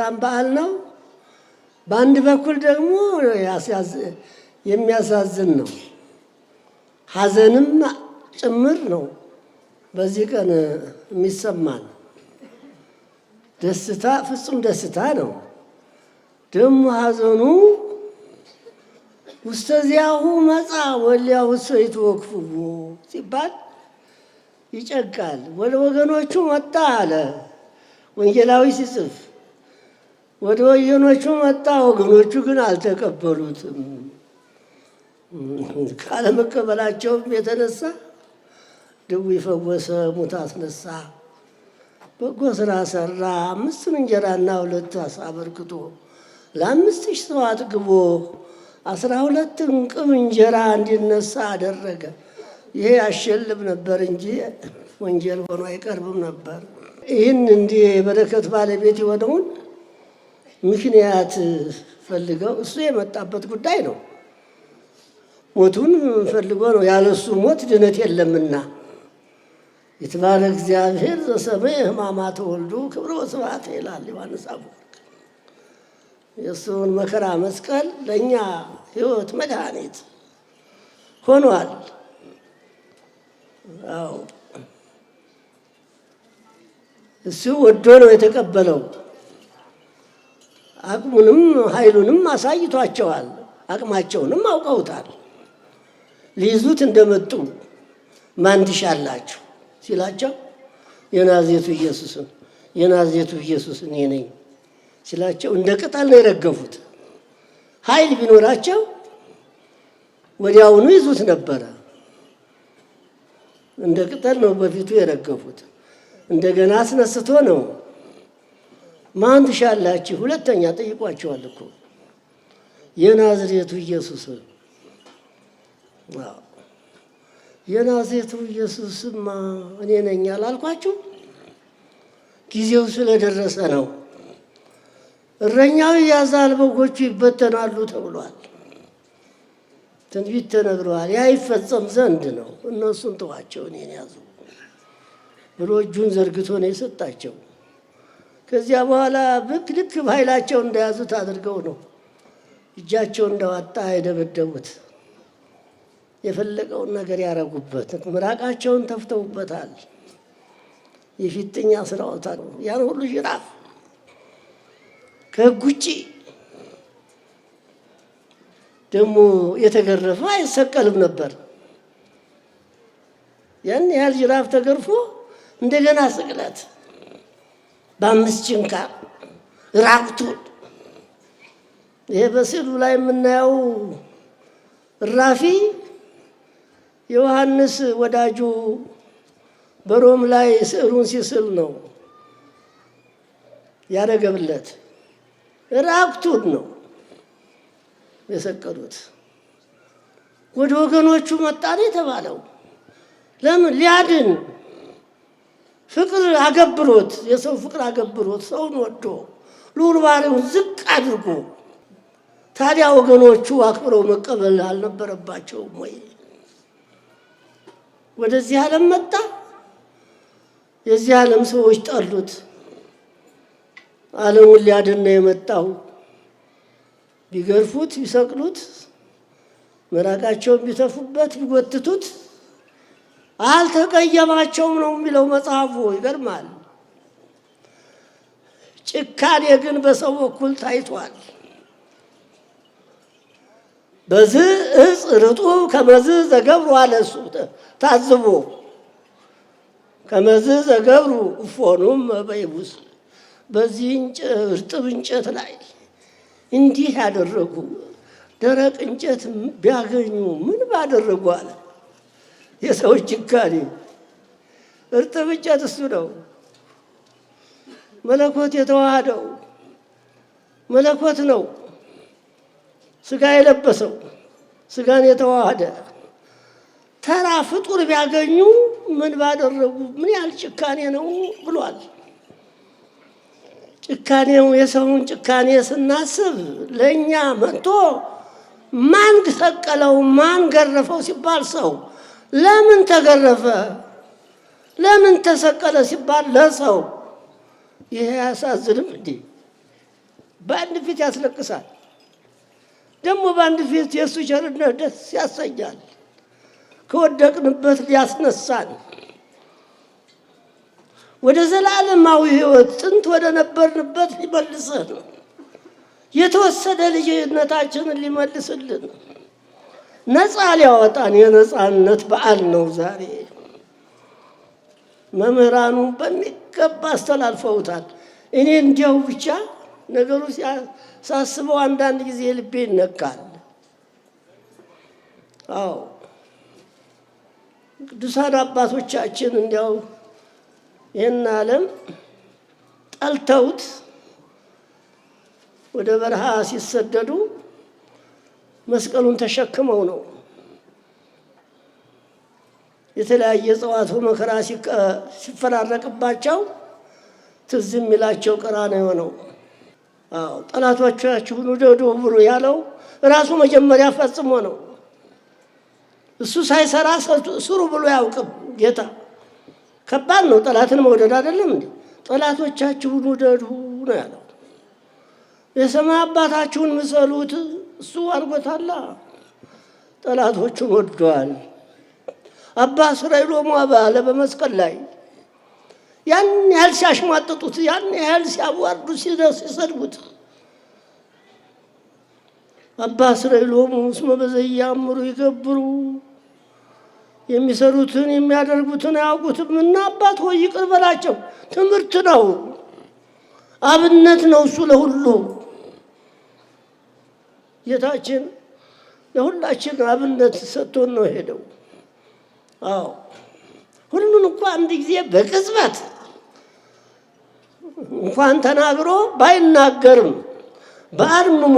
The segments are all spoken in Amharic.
የሙታን በዓል ነው። በአንድ በኩል ደግሞ የሚያሳዝን ነው፣ ሐዘንም ጭምር ነው። በዚህ ቀን የሚሰማን ደስታ ፍጹም ደስታ ነው። ደግሞ ሐዘኑ ውስተዚያሁ መጻ ወሊያሁ ሰይቱ ወክፍዎ ሲባል ይጨቃል። ወደ ወገኖቹ መጣ አለ ወንጌላዊ ሲጽፍ ወደ ወየኖቹ መጣ። ወገኖቹ ግን አልተቀበሉትም። ካለመቀበላቸውም የተነሳ ድዊ ፈወሰ፣ ሙት አስነሳ፣ በጎ ስራ ሰራ። አምስቱን እንጀራና ሁለት አሳ አበርክቶ ለአምስት ሺህ ሰው አጥግቦ አስራ ሁለት እንቅብ እንጀራ እንዲነሳ አደረገ። ይሄ ያሸልም ነበር እንጂ ወንጀል ሆኖ አይቀርብም ነበር። ይህን እንዲህ የበረከት ባለቤት የሆነውን ምክንያት ፈልገው እሱ የመጣበት ጉዳይ ነው። ሞቱን ፈልጎ ነው። ያለሱ ሞት ድነት የለምና የተባለ እግዚአብሔር ዘሰበ ሕማማተ ወልዱ ክብረ ስባት ይላል ዮሐንስ አፈወርቅ። የእሱን መከራ መስቀል ለእኛ ሕይወት መድኃኒት ሆኗል። እሱ ወዶ ነው የተቀበለው። አቅሙንም ኃይሉንም አሳይቷቸዋል። አቅማቸውንም አውቀውታል። ሊይዙት እንደመጡ ማን ትሻላችሁ ሲላቸው የናዝሬቱ ኢየሱስን የናዝሬቱ ኢየሱስ እኔ ነኝ ሲላቸው እንደ ቅጠል ነው የረገፉት። ኃይል ቢኖራቸው ወዲያውኑ ይዙት ነበረ። እንደ ቅጠል ነው በፊቱ የረገፉት። እንደገና አስነስቶ ነው ማን ትሻላችሁ? ሁለተኛ ጠይቋቸዋል እኮ የናዝሬቱ ኢየሱስ። የናዝሬቱ ኢየሱስማ እኔ ነኝ አላልኳችሁ? ጊዜው ስለደረሰ ነው። እረኛው ያዛል፣ በጎቹ ይበተናሉ ተብሏል። ትንቢት ተነግረዋል። ያ ይፈጸም ዘንድ ነው። እነሱን ተዋቸው እኔን ያዙ ብሎ እጁን ዘርግቶ ነው የሰጣቸው። ከዚያ በኋላ ብቅ ልክ በኃይላቸው እንደያዙት አድርገው ነው እጃቸው እንደዋጣ የደበደቡት። የፈለገውን ነገር ያረጉበት፣ ምራቃቸውን ተፍተውበታል። የፊጥኛ ስራውታ ነው። ያን ሁሉ ጅራፍ ከህግ ውጭ ደግሞ የተገረፈ አይሰቀልም ነበር። ያን ያህል ጅራፍ ተገርፎ እንደገና ስቅለት በአምስት ጭንካ ራቁቱን። ይሄ በስዕሉ ላይ የምናየው እራፊ ዮሐንስ ወዳጁ በሮም ላይ ስዕሉን ሲስል ነው ያደገብለት ራቁቱን ነው የሰቀሉት። ወደ ወገኖቹ መጣ የተባለው ለምን ሊያድን ፍቅር አገብሮት የሰው ፍቅር አገብሮት ሰውን ወዶ ልዑል ባህሪውን ዝቅ አድርጎ ታዲያ ወገኖቹ አክብረው መቀበል አልነበረባቸውም ወይ? ወደዚህ ዓለም መጣ። የዚህ ዓለም ሰዎች ጠሉት። ዓለሙን ሊያድን የመጣው። ቢገርፉት፣ ቢሰቅሉት፣ መራቃቸውን ቢተፉበት፣ ቢጎትቱት አልተቀየማቸውም ነው የሚለው መጽሐፉ። ይገርማል። ጭካኔ ግን በሰው በኩል ታይቷል። በዝ እጽ ርጡብ ከመዝ ዘገብሩ አለ እሱ ታዝቦ ከመዝ ዘገብሩ እፎኑም በይቡስ በዚህ እርጥብ እንጨት ላይ እንዲህ ያደረጉ ደረቅ እንጨት ቢያገኙ ምን ባደረጉ አለ የሰዎች ጭካኔ እርጥብ እንጨት እሱ ነው። መለኮት የተዋሃደው መለኮት ነው። ስጋ የለበሰው ስጋን የተዋሃደ ተራ ፍጡር ቢያገኙ ምን ባደረጉ ምን ያህል ጭካኔ ነው ብሏል። ጭካኔው የሰውን ጭካኔ ስናስብ ለእኛ መጥቶ ማን ሰቀለው ማን ገረፈው ሲባል ሰው ለምን ተገረፈ፣ ለምን ተሰቀለ ሲባል ለሰው ይሄ አያሳዝንም? እንዲህ በአንድ ፊት ያስለቅሳል፣ ደግሞ በአንድ ፊት የእሱ ቸርነት ደስ ያሰኛል። ከወደቅንበት ሊያስነሳን ወደ ዘላለማዊ ሕይወት ጥንት ወደ ነበርንበት ሊመልሰን የተወሰደ ልጅነታችንን ሊመልስልን ነፃ ሊያወጣን የነፃነት በዓል ነው ዛሬ። መምህራኑ በሚገባ አስተላልፈውታል። እኔ እንዲያው ብቻ ነገሩ ሳስበው አንዳንድ ጊዜ ልቤ ይነካል። አዎ ቅዱሳን አባቶቻችን እንዲያው ይህን ዓለም ጠልተውት ወደ በረሃ ሲሰደዱ መስቀሉን ተሸክመው ነው። የተለያየ እጽዋቱ መከራ ሲፈራረቅባቸው ትዝ የሚላቸው ቀራንዮ ነው። አዎ ጠላቶቻችሁን ውደዱ ብሎ ያለው ራሱ መጀመሪያ ፈጽሞ ነው። እሱ ሳይሰራ ስሩ ብሎ ያውቅም ጌታ። ከባድ ነው ጠላትን መውደድ አይደለም እንዴ? ጠላቶቻችሁን ውደዱ ነው ያለው። የሰማይ አባታችሁን ምሰሉት እሱ አርጎታላ። ጠላቶቹን ወደዋል። አባ ስራይ ሎማ ባለ በመስቀል ላይ ያን ያህል ሲያሽሟጥጡት፣ ያን ያህል ሲያዋርዱ፣ ሲሰድቡት አባ ስራይ ሎሙ እስመ በዘያምሩ ይገብሩ የሚሰሩትን የሚያደርጉትን አያውቁትም እና አባት ሆይ ይቅር በላቸው። ትምህርት ነው፣ አብነት ነው እሱ ለሁሉ ጌታችን ለሁላችን አብነት ሰጥቶን ነው ሄደው። አዎ ሁሉን እንኳ አንድ ጊዜ በቅጽበት እንኳን ተናግሮ ባይናገርም በአርምሞ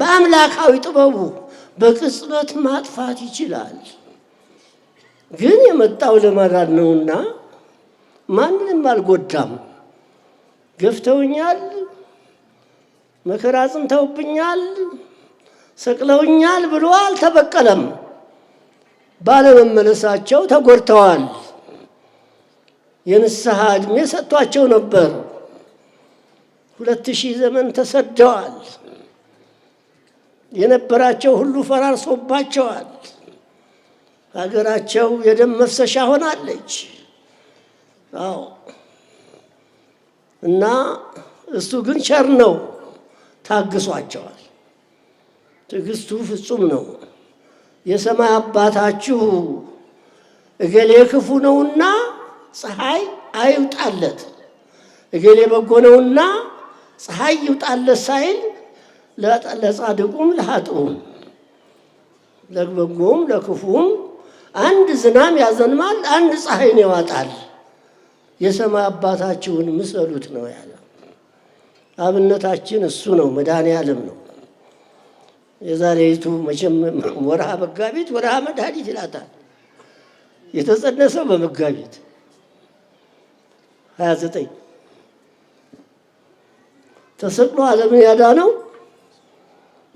በአምላካዊ ጥበቡ በቅጽበት ማጥፋት ይችላል። ግን የመጣው ለመራድ ነውና ማንንም አልጎዳም። ገፍተውኛል መከራ አጽንተውብኛል፣ ሰቅለውኛል ብሎ አልተበቀለም። ባለመመለሳቸው ተጎድተዋል። የንስሐ ዕድሜ ሰጥቷቸው ነበር። ሁለት ሺህ ዘመን ተሰደዋል። የነበራቸው ሁሉ ፈራርሶባቸዋል። ሀገራቸው የደም መፍሰሻ ሆናለች። አዎ እና እሱ ግን ቸር ነው። ታግሷቸዋል። ትዕግስቱ ፍጹም ነው። የሰማይ አባታችሁ እገሌ ክፉ ነውና ፀሐይ አይውጣለት፣ እገሌ በጎ ነውና ፀሐይ ይውጣለት ሳይል ለጻድቁም ለኃጥኡም ለበጎም ለክፉም አንድ ዝናም ያዘንማል፣ አንድ ፀሐይን ያዋጣል። የሰማይ አባታችሁን ምሰሉት ነው ያለው። አብነታችን እሱ ነው፣ መድኃኔ ዓለም ነው። የዛሬቱ መቼም ወርሃ መጋቢት ወርሃ መድኃኒት ይላታል። የተጸነሰው በመጋቢት ሀያ ዘጠኝ ተሰቅሎ ዓለምን ያዳነው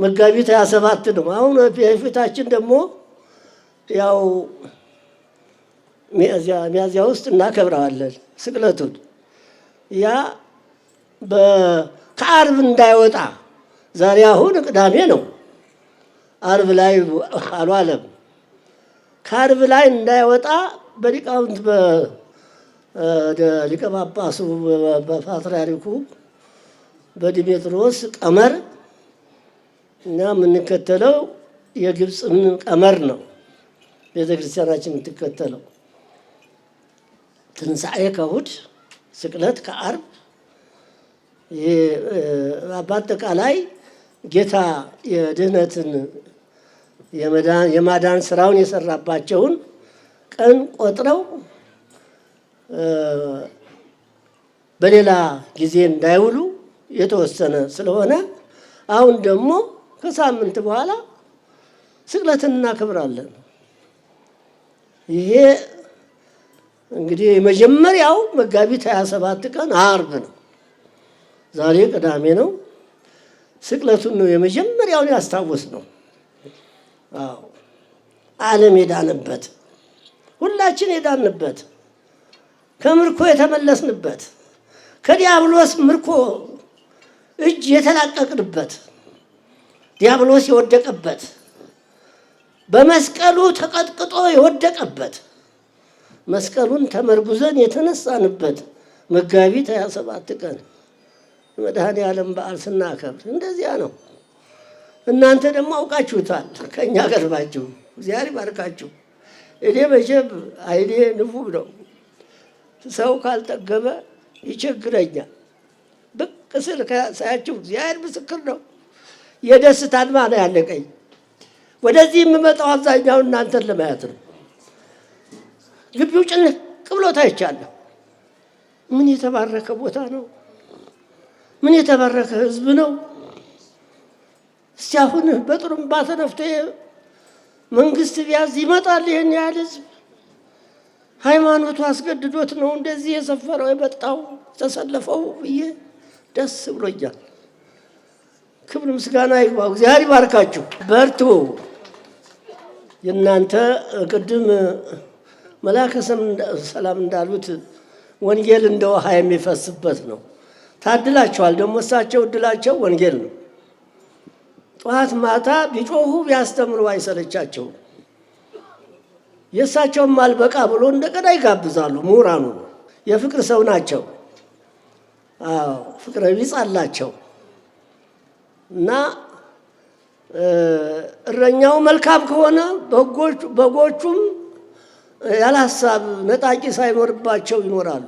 መጋቢት ሀያ ሰባት ነው። አሁን የፊታችን ደግሞ ያው ሚያዚያ ውስጥ እናከብረዋለን ስቅለቱን ያ ከአርብ እንዳይወጣ ዛሬ አሁን ቅዳሜ ነው። አርብ ላይ አልዋለም። ከአርብ ላይ እንዳይወጣ በሊቃውንት በሊቀ ጳጳሱ በፓትርያርኩ በዲሜጥሮስ ቀመር እና የምንከተለው የግብፅን ቀመር ነው። ቤተ ክርስቲያናችን የምትከተለው ትንሣኤ ከእሑድ ስቅለት ከአርብ በአጠቃላይ ጌታ የድህነትን የማዳን ስራውን የሰራባቸውን ቀን ቆጥረው በሌላ ጊዜ እንዳይውሉ የተወሰነ ስለሆነ አሁን ደግሞ ከሳምንት በኋላ ስቅለትን እናከብራለን። ይሄ እንግዲህ የመጀመሪያው መጋቢት 27 ቀን አርብ ነው። ዛሬ ቅዳሜ ነው። ስቅለቱን ነው የመጀመሪያውን ያስታወስ ነው። አዎ ዓለም የዳንበት ሁላችን የዳንበት ከምርኮ የተመለስንበት ከዲያብሎስ ምርኮ እጅ የተላቀቅንበት ዲያብሎስ የወደቀበት በመስቀሉ ተቀጥቅጦ የወደቀበት መስቀሉን ተመርጉዘን የተነሳንበት መጋቢት 27 ቀን መድኃኔዓለም በዓል ስናከብር እንደዚያ ነው። እናንተ ደግሞ አውቃችሁታል፣ ከእኛ ቀርባችሁ እግዚአብሔር ይባርካችሁ። እኔ መቼም አይኔ ንቡብ ነው። ሰው ካልጠገበ ይቸግረኛል። ብቅ ስል ሳያችሁ እግዚአብሔር ምስክር ነው። የደስታ እንባ ነው ያለቀኝ። ወደዚህ የምመጣው አብዛኛው እናንተን ለማየት ነው። ግቢው ጭንቅ ብሎት አይቻለሁ። ምን የተባረከ ቦታ ነው። ምን የተባረከ ህዝብ ነው። እስቲ አሁን በጥሩምባ ተነፍቶ መንግስት ቢያዝ ይመጣል ይህን ያህል ህዝብ። ሃይማኖቱ አስገድዶት ነው እንደዚህ የሰፈረው የመጣው የተሰለፈው ብዬ ደስ ብሎኛል። ክብር ምስጋና ይግባው። እግዚአብሔር ይባርካችሁ። በርቱ። የእናንተ ቅድም መላከ ሰላም እንዳሉት ወንጌል እንደ ውሃ የሚፈስበት ነው። ታድላቸዋል። ደግሞ እሳቸው እድላቸው ወንጌል ነው። ጠዋት ማታ ቢጮሁ ቢያስተምሩ አይሰለቻቸውም። የእሳቸውም አልበቃ ብሎ እንደገና ይጋብዛሉ። ምሁራኑ የፍቅር ሰው ናቸው። ፍቅረ ቢጽ አላቸው እና እረኛው መልካም ከሆነ በጎቹም ያለ ሀሳብ ነጣቂ ሳይኖርባቸው ይኖራሉ።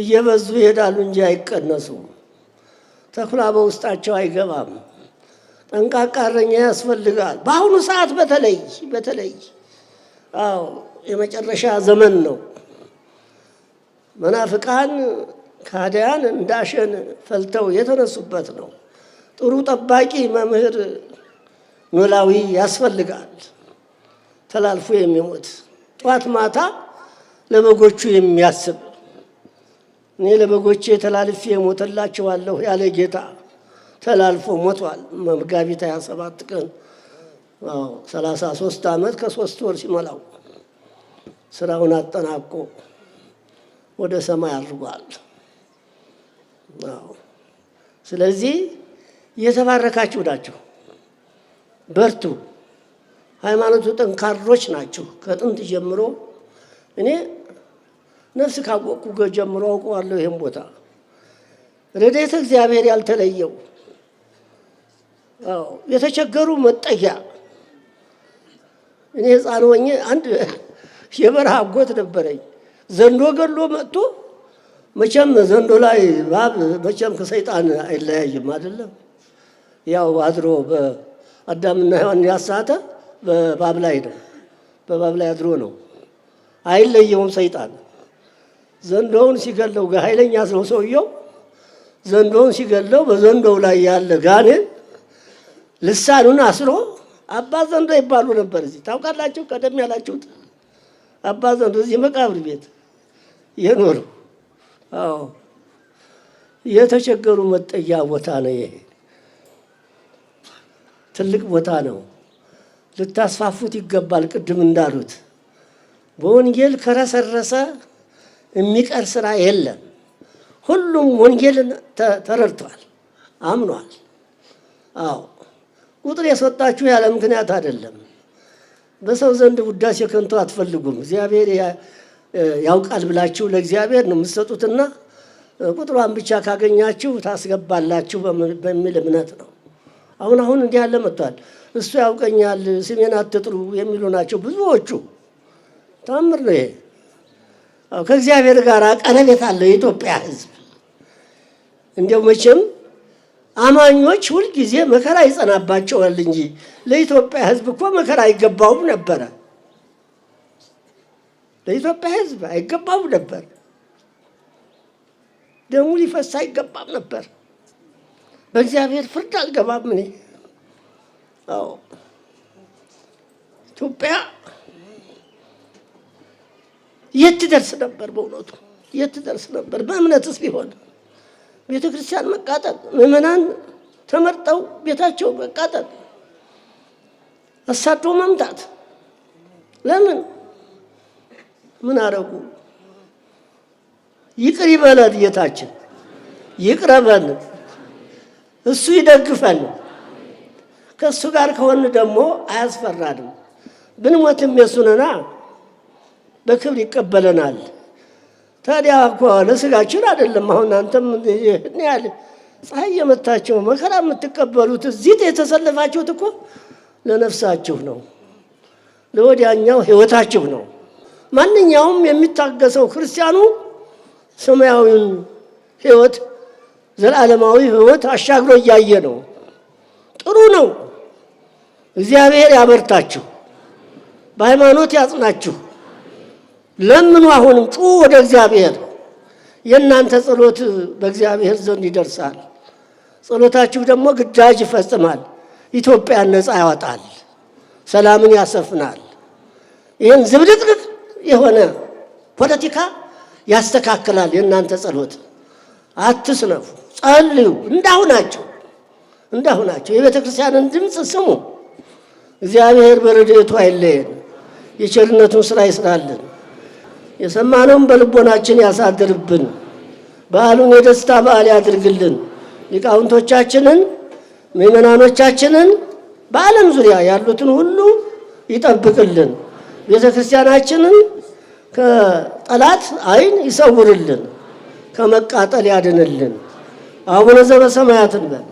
እየበዙ ይሄዳሉ እንጂ አይቀነሱም። ተኩላ በውስጣቸው አይገባም። ጠንቃቃ እረኛ ያስፈልጋል። በአሁኑ ሰዓት በተለይ በተለይ አዎ የመጨረሻ ዘመን ነው። መናፍቃን ካዲያን እንዳሸን ፈልተው የተነሱበት ነው። ጥሩ ጠባቂ መምህር ኖላዊ ያስፈልጋል። ተላልፎ የሚሞት ጠዋት ማታ ለበጎቹ የሚያስብ እኔ ለበጎቼ ተላልፌ ሞተላችኋለሁ ያለ ጌታ ተላልፎ ሞቷል። መጋቢት 27 ቀን 33 ዓመት ከሶስት ወር ሲሞላው ስራውን አጠናቆ ወደ ሰማይ አድርጓል። ስለዚህ እየተባረካችሁ ናችሁ። በርቱ። ሃይማኖቱ ጠንካሮች ናችሁ ከጥንት ጀምሮ እኔ ነፍስ ካወቅኩ ጀምሮ አውቀዋለሁ። ይህም ቦታ ረድኤተ እግዚአብሔር ያልተለየው የተቸገሩ መጠጊያ። እኔ ሕፃን ሆኜ አንድ የበረሃ አጎት ነበረኝ። ዘንዶ ገሎ መጥቶ መቼም ዘንዶ ላይ ባብ መቼም ከሰይጣን አይለያይም አይደለም። ያው አድሮ በአዳምና ሔዋን ያሳተ በባብ ላይ ነው፣ በባብ ላይ አድሮ ነው። አይለየውም ሰይጣን ዘንዶውን ሲገለው ኃይለኛ ነው ሰውየው። ዘንዶውን ሲገለው በዘንዶው ላይ ያለ ጋኔን ልሳኑን አስሮ አባ ዘንዶ ይባሉ ነበር። እዚህ ታውቃላችሁ፣ ቀደም ያላችሁት አባ ዘንዶ እዚህ መቃብር ቤት የኖሩ አዎ፣ የተቸገሩ መጠያ ቦታ ነው። ይሄ ትልቅ ቦታ ነው። ልታስፋፉት ይገባል። ቅድም እንዳሉት በወንጌል ከረሰረሰ የሚቀር ስራ የለም። ሁሉም ወንጌልን ተረድቷል፣ አምኗል። አዎ ቁጥር የሰጣችሁ ያለ ምክንያት አይደለም። በሰው ዘንድ ውዳሴ ከንቱ አትፈልጉም። እግዚአብሔር ያውቃል ብላችሁ ለእግዚአብሔር ነው የምትሰጡትና ቁጥሯን ብቻ ካገኛችሁ ታስገባላችሁ በሚል እምነት ነው። አሁን አሁን እንዲህ ያለ መጥቷል። እሱ ያውቀኛል ስሜን አትጥሩ የሚሉ ናቸው ብዙዎቹ። ታምር ነው ይሄ። ከእግዚአብሔር ጋር ቀረቤት አለው የኢትዮጵያ ህዝብ እንዲያው መቼም አማኞች ሁልጊዜ መከራ ይጸናባቸዋል እንጂ ለኢትዮጵያ ህዝብ እኮ መከራ አይገባውም ነበረ። ለኢትዮጵያ ህዝብ አይገባውም ነበር፣ ደሙ ሊፈስ አይገባም ነበር። በእግዚአብሔር ፍርድ አልገባም እኔ። ኢትዮጵያ የት ደርስ ነበር? በእውነቱ የት ደርስ ነበር? በእምነትስ ቢሆን ቤተ ክርስቲያን መቃጠል፣ ምዕመናን ተመርጠው ቤታቸው መቃጠል፣ አሳዶ መምታት። ለምን ምን አረጉ? ይቅር ይበለን ጌታችን፣ ይቅረበን፣ እሱ ይደግፈን። ከእሱ ጋር ከሆን ደግሞ አያስፈራንም። ብንሞትም የሱንና በክብር ይቀበለናል። ታዲያ እኮ ለስጋችን አይደለም። አሁን አንተም ይህን ያህል ፀሐይ የመታቸው መከራ የምትቀበሉት እዚህ የተሰለፋችሁት እኮ ለነፍሳችሁ ነው፣ ለወዲያኛው ህይወታችሁ ነው። ማንኛውም የሚታገሰው ክርስቲያኑ ሰማያዊውን ህይወት ዘላለማዊ ህይወት አሻግሮ እያየ ነው። ጥሩ ነው። እግዚአብሔር ያበርታችሁ፣ በሃይማኖት ያጽናችሁ። ለምኑ፣ አሁንም ጩ ወደ እግዚአብሔር። የእናንተ ጸሎት በእግዚአብሔር ዘንድ ይደርሳል። ጸሎታችሁ ደግሞ ግዳጅ ይፈጽማል። ኢትዮጵያን ነፃ ያወጣል፣ ሰላምን ያሰፍናል። ይህን ዝብልቅልቅ የሆነ ፖለቲካ ያስተካክላል። የእናንተ ጸሎት አትስነፉ፣ ጸልዩ። እንዳሁ ናቸው እንዳሁ ናቸው። የቤተ ክርስቲያንን ድምፅ ስሙ። እግዚአብሔር በረድኤቱ አይለየን፣ የቸርነቱን ስራ ይስራልን። የሰማነውን በልቦናችን ያሳድርብን። በዓሉን የደስታ በዓል ያድርግልን። ሊቃውንቶቻችንን፣ ምእመናኖቻችንን በዓለም ዙሪያ ያሉትን ሁሉ ይጠብቅልን። ቤተ ክርስቲያናችንን ከጠላት ዓይን ይሰውርልን፣ ከመቃጠል ያድንልን። አቡነ ዘበሰማያትን በል